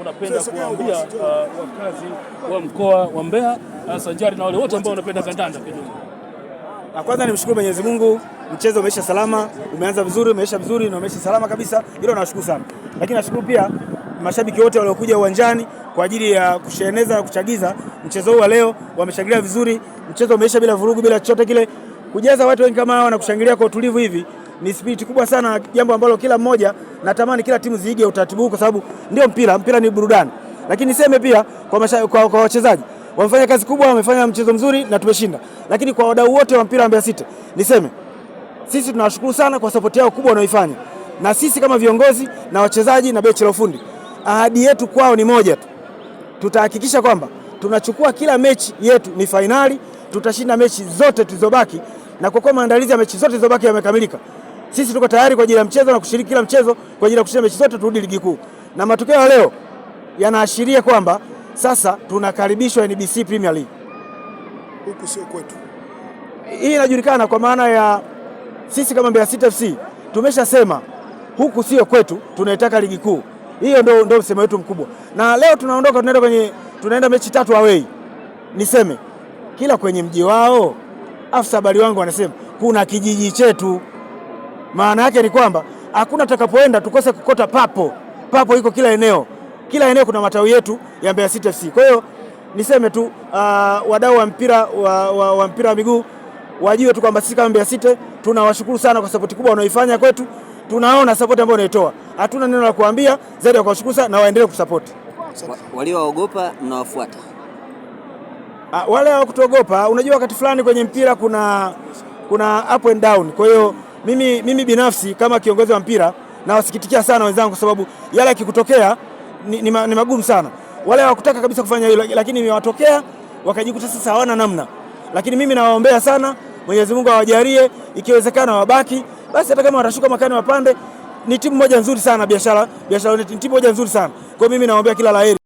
unapenda kuwaambia eh, uh, wakazi wa mkoa wa Mbeya uh, sanjari na wale wote ambao wanapenda kandanda kidogo? Ah, na kwanza nimshukuru Mwenyezi Mungu, mchezo umeisha salama, umeanza vizuri, umeisha vizuri na umeisha salama kabisa, hilo nashukuru sana. Lakini nashukuru pia mashabiki wote waliokuja uwanjani kwa ajili ya kusheneza na kuchagiza mchezo huu wa leo, wameshangilia vizuri, mchezo umeisha bila vurugu, bila chochote kile. Kujaza watu wengi kama hawa na kushangilia kwa utulivu hivi ni spiriti kubwa sana, jambo ambalo kila mmoja natamani kila timu ziige utaratibu huu, kwa sababu ndio mpira. Mpira ni burudani, lakini niseme pia kwa masha, kwa, kwa wachezaji wamefanya kazi kubwa, wamefanya mchezo mzuri na tumeshinda. Lakini kwa wadau wote wa mpira wa Mbeya City niseme sisi tunawashukuru sana kwa sapoti yao kubwa wanaoifanya, na sisi kama viongozi na wachezaji na bechi la ufundi, ahadi yetu kwao ni moja tu, tutahakikisha kwamba tunachukua kila mechi yetu ni fainali, tutashinda mechi zote tulizobaki, na kwa kuwa maandalizi ya mechi zote zilizobaki yamekamilika sisi tuko tayari kwa ajili ya mchezo na kushiriki kila mchezo kwa ajili ya kushinda mechi zote, turudi ligi kuu. Na matokeo ya leo yanaashiria kwamba sasa tunakaribishwa NBC Premier League. Huku sio kwetu. Hii inajulikana kwa maana ya sisi kama Mbeya City FC tumeshasema huku sio kwetu, tunaitaka ligi kuu. Hiyo ndio ndio msemo wetu mkubwa, na leo tunaondoka, tunaenda kwenye tunaenda mechi tatu away. Niseme kila kwenye mji wao, afisa habari wangu wanasema kuna kijiji chetu. Maana yake ni kwamba hakuna takapoenda tukose kukota papo. Papo iko kila eneo, kila eneo kuna matawi yetu ya Mbeya City FC. Kwa hiyo niseme tu uh, wadau wa mpira wa, wa, wa mpira wa miguu wajue tu kwamba sisi kama Mbeya City tunawashukuru sana kwa sapoti kubwa wanaoifanya kwetu. Tunaona sapoti ambayo wanaitoa, hatuna neno la kuambia zaidi ya kuwashukuru sana na waendelee kusapoti. Waliowaogopa mnawafuata ah, wale hawakutuogopa. Unajua, wakati fulani kwenye mpira kuna, kuna up and down, kwa hiyo mimi, mimi binafsi kama kiongozi wa mpira nawasikitikia sana wenzangu kwa sababu yale yakikutokea ni, ni, ni magumu sana. Wale hawakutaka kabisa kufanya hilo, lakini imewatokea wakajikuta sasa hawana namna. Lakini mimi nawaombea sana Mwenyezi Mungu awajalie, ikiwezekana wabaki basi, hata kama watashuka makani wapande. Ni timu moja nzuri sana biashara biashara, ni timu moja nzuri sana kwa mimi nawaombea kila laheri.